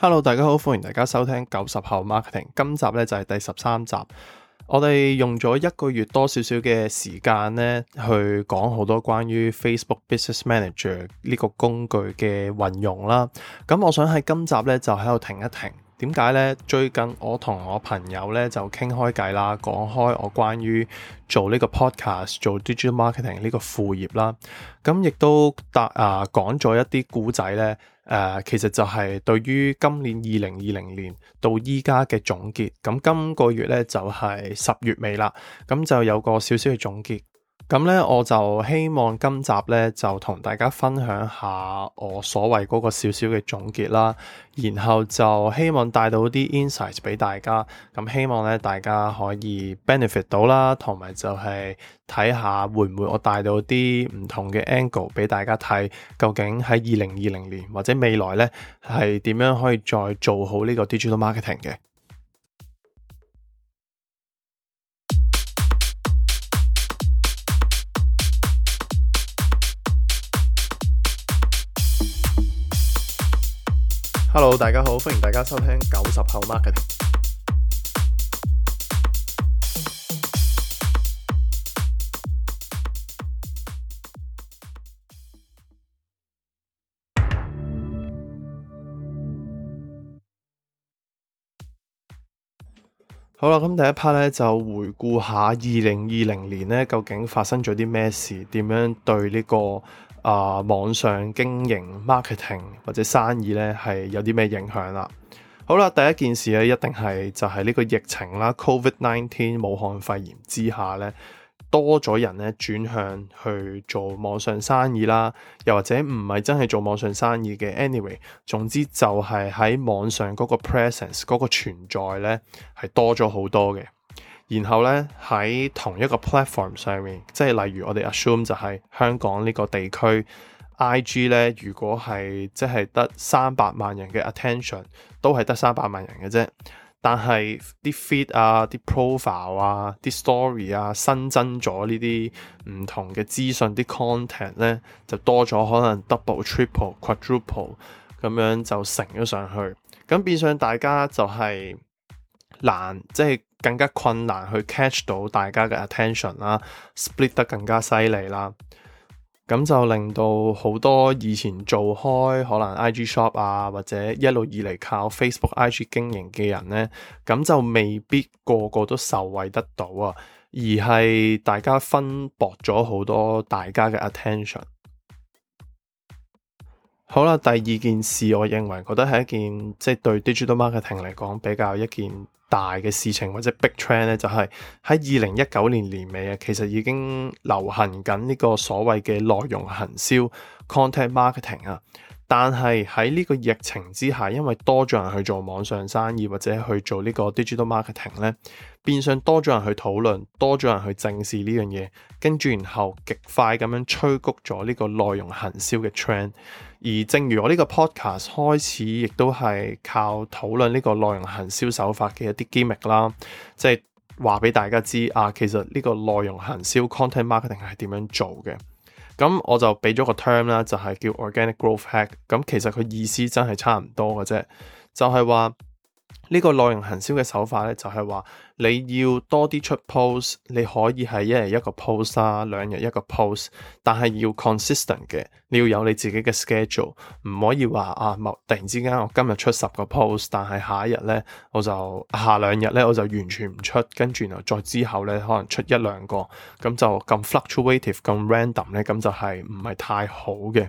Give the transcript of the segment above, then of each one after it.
Hello，大家好，歡迎大家收聽九十後 Marketing。今集咧就係、是、第十三集，我哋用咗一個月多少少嘅時間咧，去講好多關於 Facebook Business Manager 呢個工具嘅運用啦。咁我想喺今集咧就喺度停一停。點解咧？最近我同我朋友咧就傾開偈啦，講開我關於做呢個 Podcast，做 digital marketing 呢個副業啦。咁亦都搭啊、呃、講咗一啲古仔咧。誒，uh, 其實就係對於今年二零二零年到依家嘅總結，咁今個月呢，就係、是、十月尾啦，咁就有個少少嘅總結。咁咧，我就希望今集咧就同大家分享下我所謂嗰個小小嘅總結啦，然後就希望帶到啲 insights 俾大家，咁希望咧大家可以 benefit 到啦，同埋就係睇下會唔會我帶到啲唔同嘅 angle 俾大家睇，究竟喺二零二零年或者未來咧係點樣可以再做好呢個 digital marketing 嘅。Hello，大家好，歡迎大家收聽九十後 market。 好啦，咁第一 part 咧就回顧下二零二零年咧究竟發生咗啲咩事，點樣對呢個，啊！網上經營 marketing 或者生意咧，係有啲咩影響啦？好啦，第一件事咧、啊，一定係就係、係、呢個疫情啦 （Covid nineteen、19, 武漢肺炎）之下咧，多咗人咧轉向去做網上生意啦，又或者唔係真係做網上生意嘅。anyway，總之就係喺網上嗰個 presence 嗰個存在咧係多咗好多嘅。然後咧喺同一個 platform 上面，即係例如我哋 assume 就係香港呢個地區，IG 咧如果係即係得三百萬人嘅 attention，都係得三百萬人嘅啫。但係啲 feed 啊、啲 profile 啊、啲 story 啊，新增咗呢啲唔同嘅資訊，啲 content 咧就多咗，可能 double、triple、quadruple 咁樣就乘咗上去。咁變相大家就係、是。難即係更加困難去 catch 到大家嘅 attention 啦，split 得更加犀利啦，咁就令到好多以前做開可能 IG shop 啊，或者一路以嚟靠 Facebook IG 經營嘅人呢，咁就未必個個都受惠得到啊，而係大家分薄咗好多大家嘅 attention。好啦，第二件事，我認為覺得係一件即係、就是、對 Digital Marketing 嚟講比較一件。大嘅事情或者 big trend 咧，就係喺二零一九年年尾啊，其實已經流行緊呢個所謂嘅內容行銷 （content marketing） 啊。但係喺呢個疫情之下，因為多咗人去做網上生意或者去做呢個 digital marketing 咧，變相多咗人去討論，多咗人去正視呢樣嘢，跟住然後極快咁樣催谷咗呢個內容行銷嘅 trend。而正如我呢個 podcast 開始，亦都係靠討論呢個內容行銷手法嘅一啲機密啦，即係話俾大家知啊，其實呢個內容行銷 content marketing 係點樣做嘅。咁我就俾咗個 term 啦，就係叫 organic growth hack。咁其實佢意思真係差唔多嘅啫，就係話，呢個內容行銷嘅手法咧，就係話你要多啲出 post，你可以係一日一個 post 啦，兩日一個 post，但係要 consistent 嘅，你要有你自己嘅 schedule，唔可以話啊，突然之間我今日出十個 post，但係下一日呢我就下兩日呢我就完全唔出，跟住然後再之後呢，可能出一兩個，咁就咁 fluctuative，咁 random 呢，咁就係唔係太好嘅。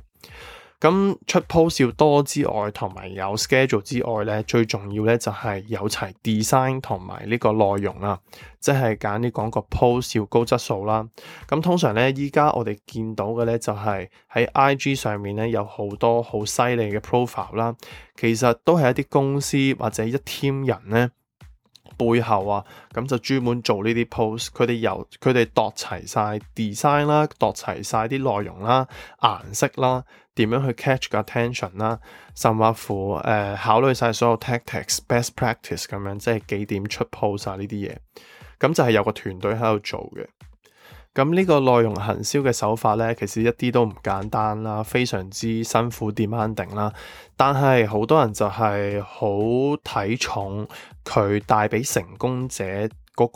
咁出 post 要多之外，同埋有 schedule 之外咧，最重要咧就係有齊 design 同埋呢個內容啦，即係揀啲廣告 post 要高質素啦。咁通常咧，依家我哋見到嘅咧就係喺 IG 上面咧有好多好犀利嘅 profile 啦，其實都係一啲公司或者一 team 人咧背後啊，咁就專門做呢啲 post，佢哋由佢哋度齊晒 design 啦，度齊晒啲內容啦，顏色啦。點樣去 catch 個 attention 啦，甚或乎誒考慮晒所有 tactics、best practice 咁樣，即係幾點出 post 啊呢啲嘢，咁就係有個團隊喺度做嘅。咁呢個內容行銷嘅手法咧，其實一啲都唔簡單啦，非常之辛苦、demanding 啦。但係好多人就係好睇重佢帶俾成功者，嗰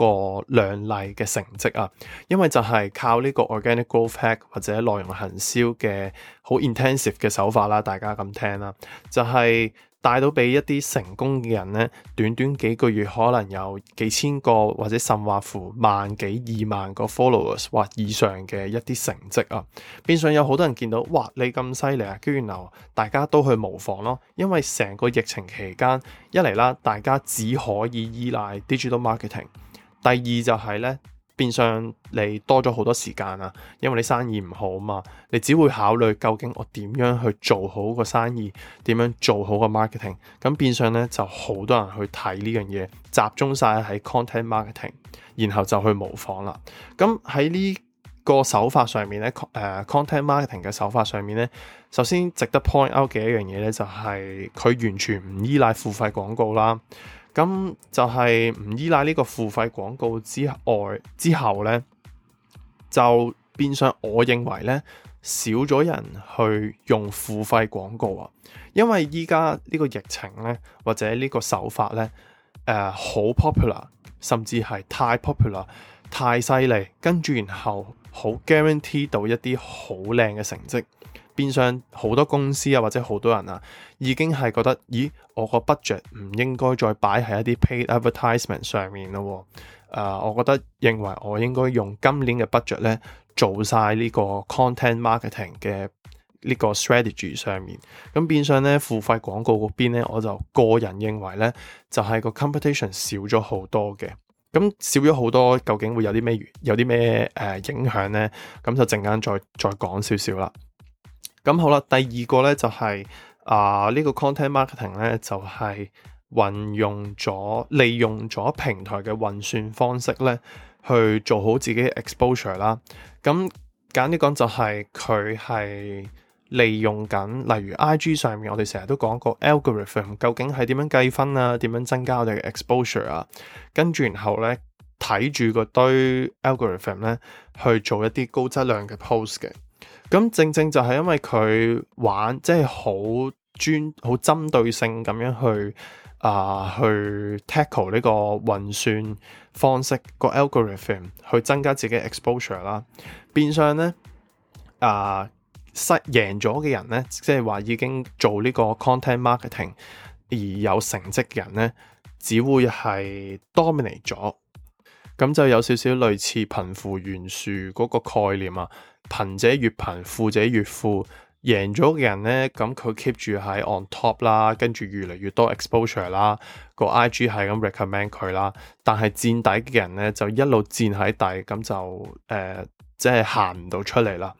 個亮麗嘅成績啊，因為就係靠呢個 organic growth hack 或者內容行銷嘅好 intensive 嘅手法啦。大家咁聽啦、啊，就係、是、帶到俾一啲成功嘅人咧，短短幾個月可能有幾千個或者甚或乎萬幾、二萬個 followers 或以上嘅一啲成績啊。變相有好多人見到，哇！你咁犀利啊，居然，大家都去模仿咯。因為成個疫情期間一嚟啦，大家只可以依賴 digital marketing。第二就係咧，變相你多咗好多時間啊，因為你生意唔好嘛，你只會考慮究竟我點樣去做好個生意，點樣做好個 marketing，咁變相咧就好多人去睇呢樣嘢，集中晒喺 content marketing，然後就去模仿啦。咁喺呢個手法上面咧，誒、呃、content marketing 嘅手法上面咧，首先值得 point out 嘅一樣嘢咧，就係、是、佢完全唔依賴付費廣告啦。咁就係唔依賴呢個付費廣告之外，之後呢就變相，我認為呢少咗人去用付費廣告啊，因為依家呢個疫情呢，或者呢個手法呢，誒、呃、好 popular，甚至係太 popular、太犀利，跟住然後好 guarantee 到一啲好靚嘅成績。變相好多公司啊，或者好多人啊，已經係覺得，咦，我個 budget 唔應該再擺喺一啲 paid advertisement 上面咯、啊。誒、呃，我覺得認為我應該用今年嘅 budget 咧，做晒呢個 content marketing 嘅呢個 strategy 上面。咁變相咧，付費廣告嗰邊咧，我就個人認為咧，就係、是、個 competition 少咗好多嘅。咁少咗好多，究竟會有啲咩有啲咩誒影響咧？咁就陣間再再講少少啦。咁好啦，第二個咧就係啊呢個 content marketing 咧，就係運用咗利用咗平台嘅運算方式咧，去做好自己嘅 exposure 啦。咁簡啲講就係佢係利用緊，例如 IG 上面我哋成日都講過 algorithm，究竟係點樣計分啊？點樣增加我哋嘅 exposure 啊？跟住然後咧，睇住個堆 algorithm 咧，去做一啲高質量嘅 post 嘅。咁正正就係因為佢玩，即係好專、好針對性咁樣去啊、呃，去 tackle 呢個運算方式個 algorithm，去增加自己 exposure 啦。變相咧啊，失、呃、贏咗嘅人咧，即係話已經做呢個 content marketing 而有成績嘅人咧，只會係 dominate 咗。咁就有少少類似貧富懸殊嗰個概念啊。貧者越貧，富者越富。贏咗嘅人咧，咁佢 keep 住喺 on top 啦，跟住越嚟越多 exposure 啦，個 IG 係咁 recommend 佢啦。但係墊底嘅人咧，就一路墊喺底，咁就誒，即、呃、係行唔到出嚟啦。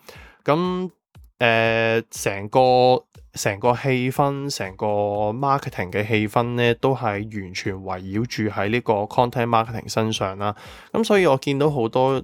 咁誒，成、呃、個成個氣氛，成個 marketing 嘅氣氛咧，都係完全圍繞住喺呢個 content marketing 身上啦。咁所以我見到好多。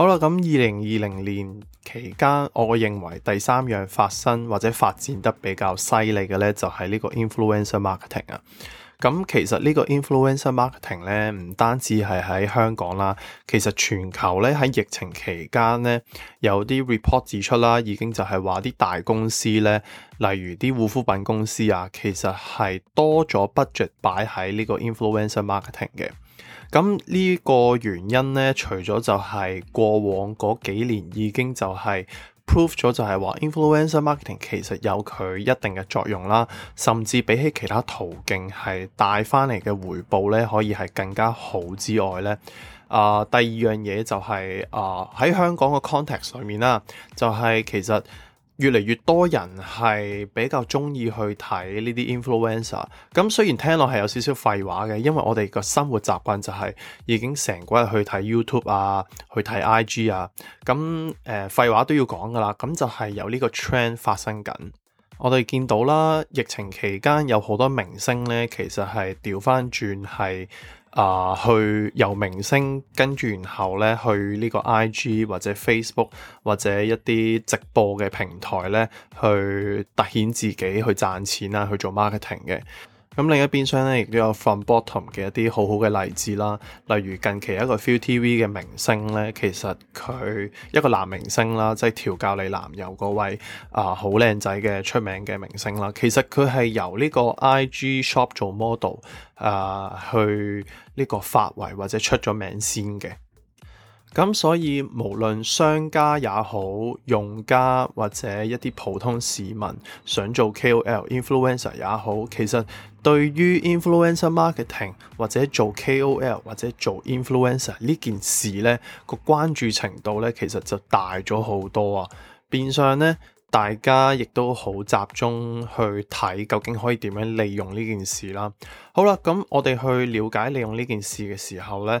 好啦，咁二零二零年期間，我認為第三樣發生或者發展得比較犀利嘅咧，就係呢個 influencer marketing 啊。咁其實呢個 influencer marketing 咧，唔單止係喺香港啦，其實全球咧喺疫情期間咧，有啲 report 指出啦，已經就係話啲大公司咧，例如啲護膚品公司啊，其實係多咗 budget 擺喺呢個 influencer marketing 嘅。咁呢個原因呢，除咗就係過往嗰幾年已經就係 prove 咗，就係話 influencer marketing 其實有佢一定嘅作用啦，甚至比起其他途徑係帶翻嚟嘅回報呢，可以係更加好之外呢。啊、呃，第二樣嘢就係、是、啊，喺、呃、香港嘅 context 上面啦，就係、是、其實。越嚟越多人係比較鍾意去睇呢啲 influencer，咁雖然聽落係有少少廢話嘅，因為我哋個生活習慣就係已經成個日去睇 YouTube 啊，去睇 IG 啊，咁誒、呃、廢話都要講㗎喇，咁就係有呢個 trend 發生緊。我哋見到啦，疫情期間有好多明星呢，其實係掉返轉係。啊！Uh, 去由明星跟住，然後咧去呢個 IG 或者 Facebook 或者一啲直播嘅平台咧，去凸顯自己去賺錢啊，去做 marketing 嘅。咁另一邊廂咧，亦都有 from bottom 嘅一啲好好嘅例子啦。例如近期一個 ViuTV 嘅明星咧，其實佢一個男明星啦，即係調教你男友嗰位啊，好、呃、靚仔嘅出名嘅明星啦。其實佢係由呢個 IG shop 做 model 啊、呃，去呢個發圍或者出咗名先嘅。咁所以，無論商家也好，用家或者一啲普通市民想做 KOL influencer 也好，其實對於 influencer marketing 或者做 KOL 或者做 influencer 呢件事呢，個關注程度呢其實就大咗好多啊！變相呢，大家亦都好集中去睇，究竟可以點樣利用呢件事啦。好啦，咁我哋去了解利用呢件事嘅時候呢。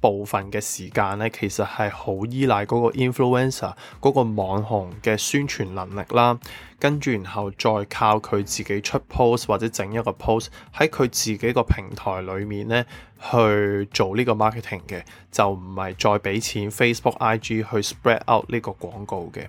部分嘅時間咧，其實係好依賴嗰個 influencer、嗰個網紅嘅宣傳能力啦，跟住然後再靠佢自己出 post 或者整一個 post 喺佢自己個平台裡面咧去做呢個 marketing 嘅，就唔係再俾錢 Facebook、IG 去 spread out 呢個廣告嘅。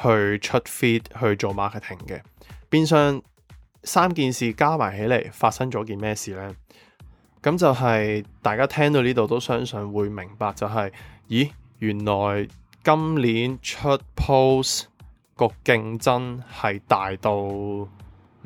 去出 feed 去做 marketing 嘅，變相三件事加埋起嚟，發生咗件咩事呢？咁就係、是、大家聽到呢度都相信會明白、就是，就係咦，原來今年出 post 個競爭係大到唔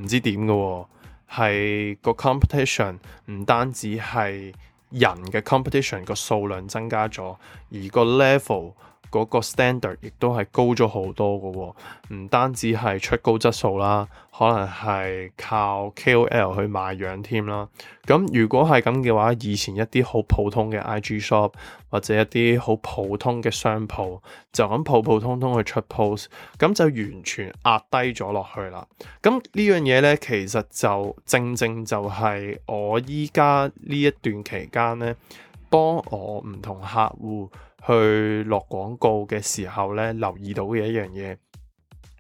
知點嘅喎，係個 competition 唔單止係人嘅 competition 個數量增加咗，而個 level。嗰個 standard 亦都係高咗好多嘅喎、哦，唔單止係出高質素啦，可能係靠 KOL 去賣樣添啦。咁如果係咁嘅話，以前一啲好普通嘅 IG shop 或者一啲好普通嘅商鋪，就咁普普通通去出 post，咁就完全壓低咗落去啦。咁呢樣嘢呢，其實就正正就係我依家呢一段期間呢，幫我唔同客戶。去落廣告嘅時候咧，留意到嘅一樣嘢，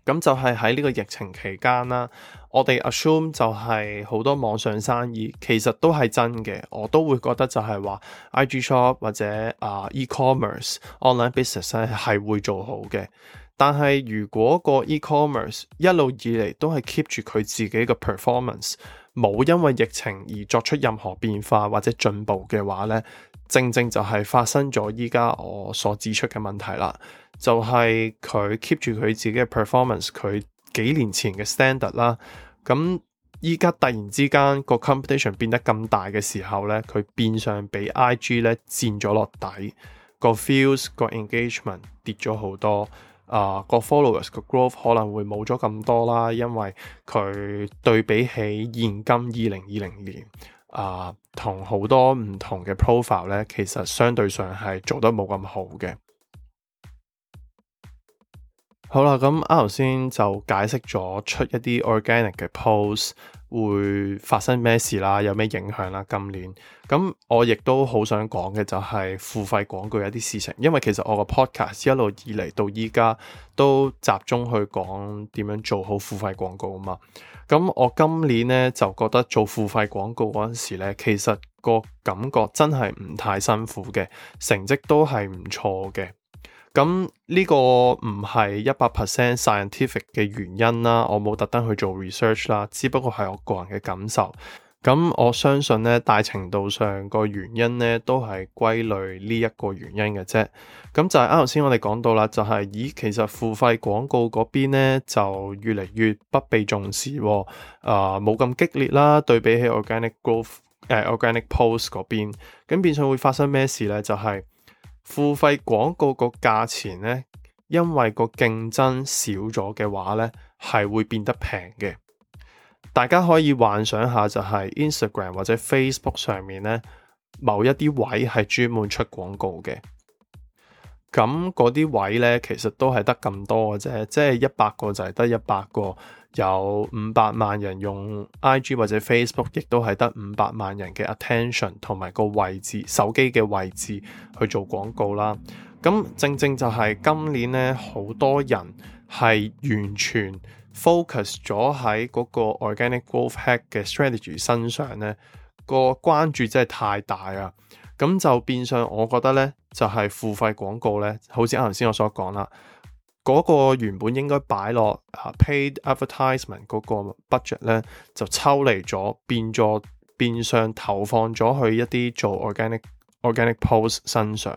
咁就係喺呢個疫情期間啦。我哋 assume 就係好多網上生意其實都係真嘅，我都會覺得就係話 IG shop 或者啊、uh, e-commerce online business 係會做好嘅。但係如果個 e-commerce 一路以嚟都係 keep 住佢自己嘅 performance，冇因為疫情而作出任何變化或者進步嘅話咧。正正就係發生咗依家我所指出嘅問題啦，就係佢 keep 住佢自己嘅 performance，佢幾年前嘅 standard 啦，咁依家突然之間個 competition 變得咁大嘅時候呢，佢變相俾 IG 咧佔咗落底，個 feels 個 engagement 跌咗好多，啊、呃、個 followers 個 growth 可能會冇咗咁多啦，因為佢對比起現今二零二零年。啊，uh, 同好多唔同嘅 profile 咧，其實相對上係做得冇咁好嘅。好啦，咁啱頭先就解釋咗出一啲 organic 嘅 post 會發生咩事啦，有咩影響啦。今年咁我亦都好想講嘅就係付費廣告一啲事情，因為其實我個 podcast 一路以嚟到依家都集中去講點樣做好付費廣告啊嘛。咁我今年呢，就覺得做付費廣告嗰陣時呢，其實個感覺真係唔太辛苦嘅，成績都係唔錯嘅。咁呢個唔係一百 percent scientific 嘅原因啦，我冇特登去做 research 啦，只不過係我個人嘅感受。咁我相信呢大程度上個原因呢都係歸類呢一個原因嘅啫。咁就係啱頭先我哋講到啦，就係、是、咦，其實付費廣告嗰邊咧就越嚟越不被重視喎、啊，啊冇咁激烈啦，對比起 organic growth 誒、呃、organic post 嗰邊，咁變相會發生咩事呢？就係、是。付費廣告個價錢呢，因為個競爭少咗嘅話呢，係會變得平嘅。大家可以幻想下，就係 Instagram 或者 Facebook 上面呢，某一啲位係專門出廣告嘅。咁嗰啲位呢，其實都係得咁多嘅啫，即係一百個就係得一百個。有五百萬人用 IG 或者 Facebook，亦都係得五百萬人嘅 attention 同埋個位置、手機嘅位置去做廣告啦。咁正正就係今年咧，好多人係完全 focus 咗喺嗰個 organic growth hack 嘅 strategy 身上咧，個關注真係太大啊。咁就變相我覺得咧，就係、是、付費廣告咧，好似啱頭先我所講啦。嗰個原本應該擺落、uh, paid advertisement 嗰個 budget 咧，就抽離咗，變咗變相投放咗去一啲做 organic organic post 身上。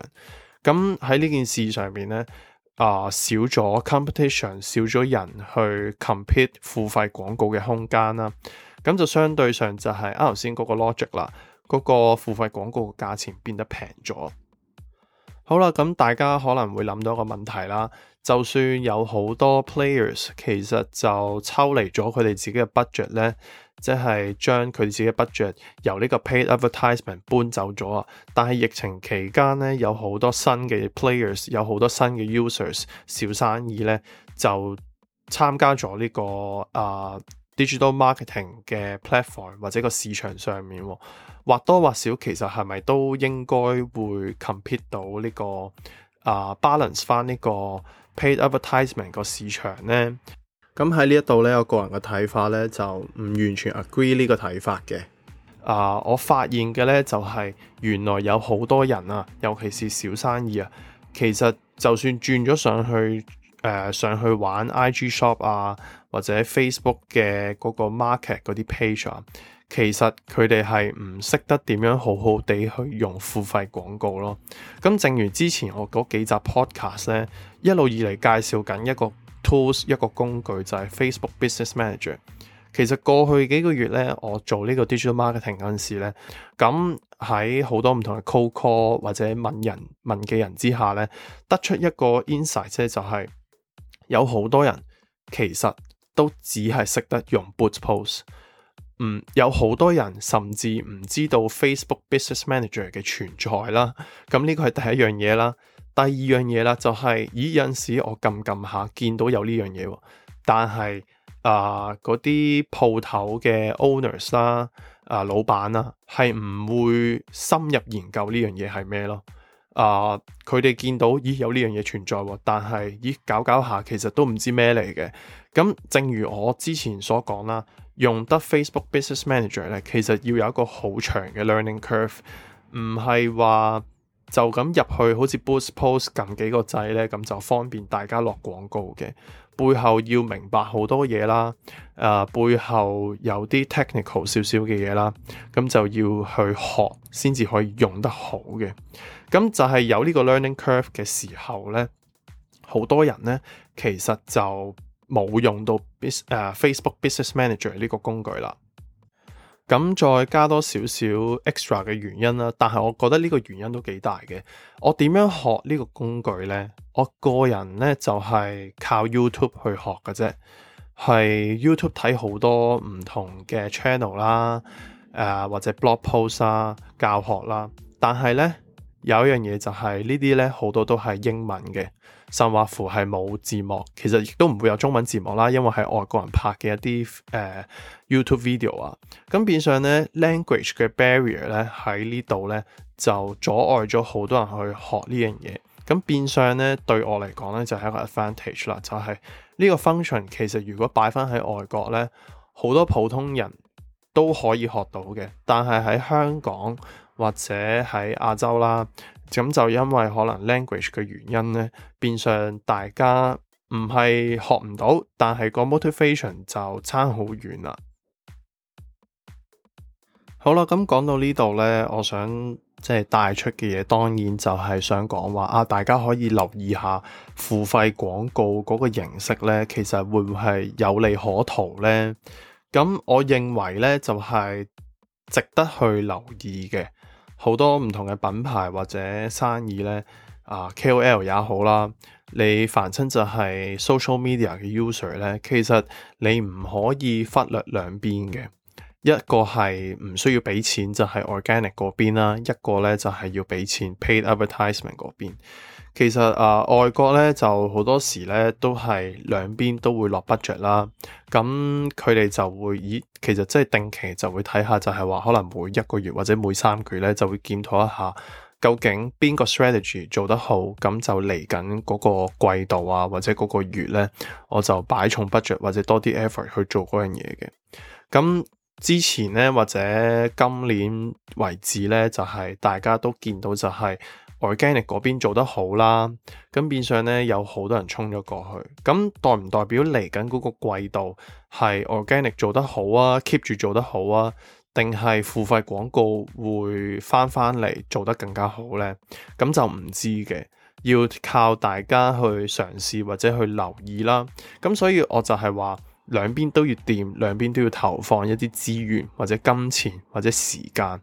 咁喺呢件事上面咧，啊、呃、少咗 competition，少咗人去 compete 付費廣告嘅空間啦。咁就相對上就係啱頭先嗰個 logic 啦，嗰、嗰個付費廣告嘅價錢變得平咗。好啦，咁大家可能會諗到一個問題啦。就算有好多 players，其實就抽離咗佢哋自己嘅 budget 咧，即係將佢哋自己嘅 budget 由呢個 paid advertisement 搬走咗啊！但係疫情期間咧，有好多新嘅 players，有好多新嘅 users，小生意咧就參加咗呢個啊 digital marketing 嘅 platform 或者個市場上面，或多或少其實係咪都應該會 compete 到呢個啊 balance 翻呢個？Paid advertisement 個市場呢，咁喺呢一度呢，我個人嘅睇法呢就唔完全 agree 呢個睇法嘅。啊、uh，我發現嘅呢就係、是、原來有好多人啊，尤其是小生意啊，其實就算轉咗上去誒、呃、上去玩 IG Shop 啊，或者 Facebook 嘅嗰個 market 嗰啲 page 啊。其實佢哋係唔識得點樣好好地去用付費廣告咯。咁正如之前我嗰幾集 podcast 咧，一路以嚟介紹緊一個 tools 一個工具，就係 Facebook Business Manager。其實過去幾個月咧，我做呢個 digital marketing 嗰陣時咧，咁喺好多唔同嘅 call call 或者問人問嘅人之下咧，得出一個 insight 就係有好多人其實都只係識得用 Boost Post。嗯，有好多人甚至唔知道 Facebook Business Manager 嘅存在啦。咁呢個係第一樣嘢啦。第二樣嘢啦就係、是，咦有陣時我撳撳下，見到有呢樣嘢喎，但係啊嗰啲鋪頭嘅 owners 啦，啊、呃、老闆啦，係唔會深入研究呢樣嘢係咩咯？啊、呃，佢哋見到咦有呢樣嘢存在，喔，但係咦搞搞下，其實都唔知咩嚟嘅。咁、嗯、正如我之前所講啦。用得 Facebook Business Manager 咧，其實要有一個好長嘅 learning curve，唔係話就咁入去，好似 Boost Post 撳幾個掣咧，咁就方便大家落廣告嘅。背後要明白好多嘢啦，誒、呃、背後有啲 technical 少少嘅嘢啦，咁就要去學先至可以用得好嘅。咁就係有呢個 learning curve 嘅時候咧，好多人咧其實就冇用到 business、uh, Facebook Business Manager 呢個工具啦，咁再加多少少 extra 嘅原因啦，但係我覺得呢個原因都幾大嘅。我點樣學呢個工具呢？我個人呢就係、是、靠 YouTube 去學嘅啫，係 YouTube 睇好多唔同嘅 channel 啦，誒、呃、或者 blog post 啊教學啦。但係呢，有一樣嘢就係呢啲呢，好多都係英文嘅。甚或乎係冇字幕，其實亦都唔會有中文字幕啦，因為係外國人拍嘅一啲誒、呃、YouTube video 啊，咁變相咧 language 嘅 barrier 咧喺呢度咧就阻礙咗好多人去學呢樣嘢，咁變相咧對我嚟講咧就係、是、一個 advantage 啦，就係、是、呢個 function 其實如果擺返喺外國咧，好多普通人都可以學到嘅，但係喺香港或者喺亞洲啦。咁就因為可能 language 嘅原因呢，變相大家唔係學唔到，但係個 motivation 就差遠 好遠啦。好啦，咁講到呢度呢，我想即係帶出嘅嘢，當然就係想講話啊，大家可以留意下付費廣告嗰個形式呢，其實會唔會係有利可圖呢？咁我認為呢，就係、是、值得去留意嘅。好多唔同嘅品牌或者生意咧，啊 KOL 也好啦，你凡係就係 social media 嘅 user 呢，其實你唔可以忽略兩邊嘅，一個係唔需要俾錢就係 organic 嗰邊啦，一個呢就係要俾錢 paid advertisement 嗰邊。其實啊、呃，外國咧就好多時咧都係兩邊都會落 budget 啦。咁佢哋就會以其實即係定期就會睇下就，就係話可能每一個月或者每三個月咧就會檢討一下，究竟邊個 strategy 做得好，咁就嚟緊嗰個季度啊或者嗰個月咧，我就擺重 budget 或者多啲 effort 去做嗰樣嘢嘅。咁之前咧或者今年為止咧，就係、是、大家都見到就係、是。Organic 嗰邊做得好啦，咁變相咧有好多人衝咗過去，咁代唔代表嚟緊嗰個季度係 Organic 做得好啊，keep 住做得好啊，定係、啊、付費廣告會翻翻嚟做得更加好呢？咁就唔知嘅，要靠大家去嘗試或者去留意啦。咁所以我就係話兩邊都要掂，兩邊都要投放一啲資源或者金錢或者時間。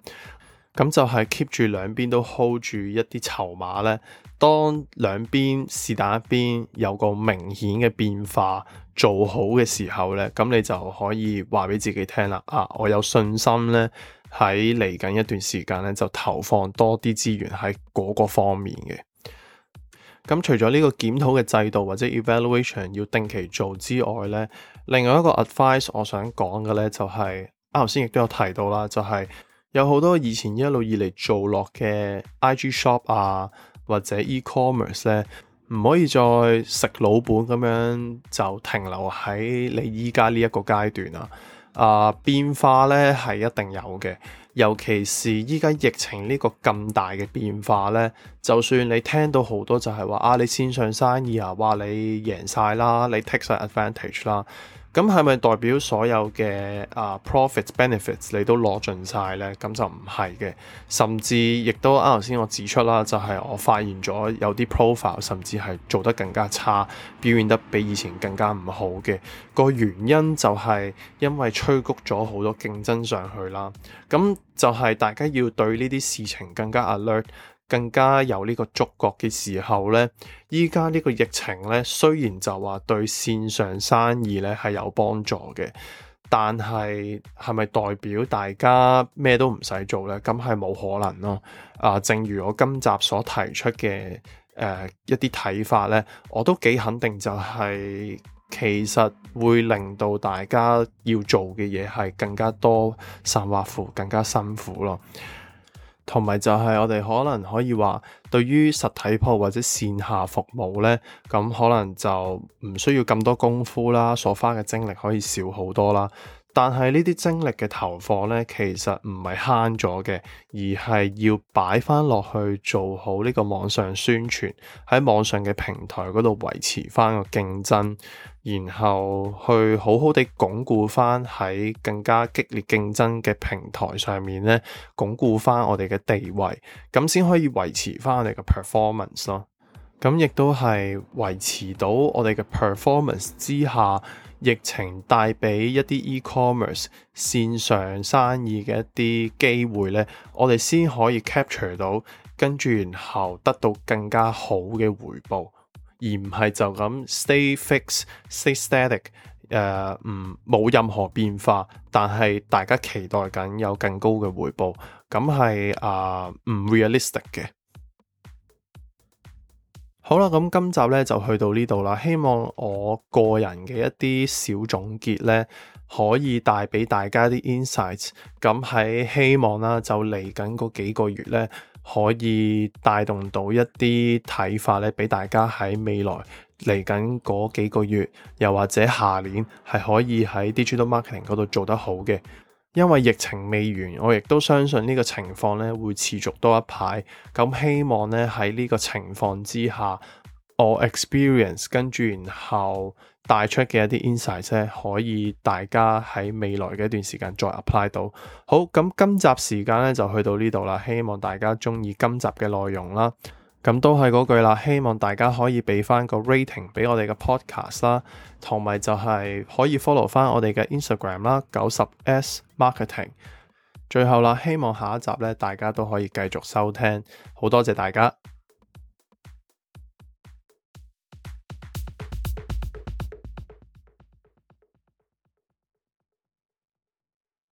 咁就係 keep 住兩邊都 hold 住一啲籌碼咧，當兩邊是但一邊有個明顯嘅變化做好嘅時候咧，咁你就可以話俾自己聽啦，啊，我有信心咧喺嚟緊一段時間咧就投放多啲資源喺嗰個方面嘅。咁除咗呢個檢討嘅制度或者 evaluation 要定期做之外咧，另外一個 advice 我想講嘅咧就係啱頭先亦都有提到啦，就係、是。有好多以前一路以嚟做落嘅 IG shop 啊，或者 e-commerce 咧，唔可以再食老本咁樣就停留喺你依家呢一個階段啦。啊。啊，變化咧係一定有嘅，尤其是依家疫情呢個咁大嘅變化咧，就算你聽到好多就係話啊，你線上生意啊，話，你贏晒啦，你 take 晒 advantage 啦。咁係咪代表所有嘅啊、uh, profits benefits 你都攞盡晒呢？咁就唔係嘅，甚至亦都啱頭先我指出啦，就係、是、我發現咗有啲 profile 甚至係做得更加差，表現得比以前更加唔好嘅。個原因就係因為催谷咗好多競爭上去啦。咁就係大家要對呢啲事情更加 alert。更加有呢個觸覺嘅時候呢，依家呢個疫情呢，雖然就話對線上生意呢係有幫助嘅，但係係咪代表大家咩都唔使做呢？咁係冇可能咯。啊，正如我今集所提出嘅誒、呃、一啲睇法，呢，我都幾肯定、就是，就係其實會令到大家要做嘅嘢係更加多、甚至乎更加辛苦咯。同埋就係我哋可能可以話，對於實體鋪或者線下服務咧，咁可能就唔需要咁多功夫啦，所花嘅精力可以少好多啦。但係呢啲精力嘅投放呢，其實唔係慳咗嘅，而係要擺翻落去做好呢個網上宣傳，喺網上嘅平台嗰度維持翻個競爭，然後去好好地鞏固翻喺更加激烈競爭嘅平台上面呢，鞏固翻我哋嘅地位，咁先可以維持翻我哋嘅 performance 咯。咁亦都係維持到我哋嘅 performance 之下。疫情帶俾一啲 e-commerce 線上生意嘅一啲機會呢，我哋先可以 capture 到，跟住然後得到更加好嘅回報，而唔係就咁 stay fixed, stay fixed，stay static，誒，唔冇任何變化，但係大家期待緊有更高嘅回報，咁係啊唔 realistic 嘅。Uh, 好啦，咁今集咧就去到呢度啦。希望我個人嘅一啲小總結咧，可以帶俾大家啲 insights。咁喺希望啦，就嚟緊嗰幾個月咧，可以帶動到一啲睇法咧，俾大家喺未來嚟緊嗰幾個月，又或者下年係可以喺 digital marketing 嗰度做得好嘅。因為疫情未完，我亦都相信呢個情況咧會持續多一排。咁希望咧喺呢個情況之下，我 experience 跟住然後帶出嘅一啲 insight 可以大家喺未來嘅一段時間再 apply 到。好，咁今集時間咧就去到呢度啦。希望大家鍾意今集嘅內容啦。咁都係嗰句啦，希望大家可以畀翻個 rating 畀我哋嘅 podcast 啦，同埋就係可以 follow 翻我哋嘅 instagram 啦，九十 s marketing。最後啦，希望下一集呢大家都可以繼續收聽，好多謝大家。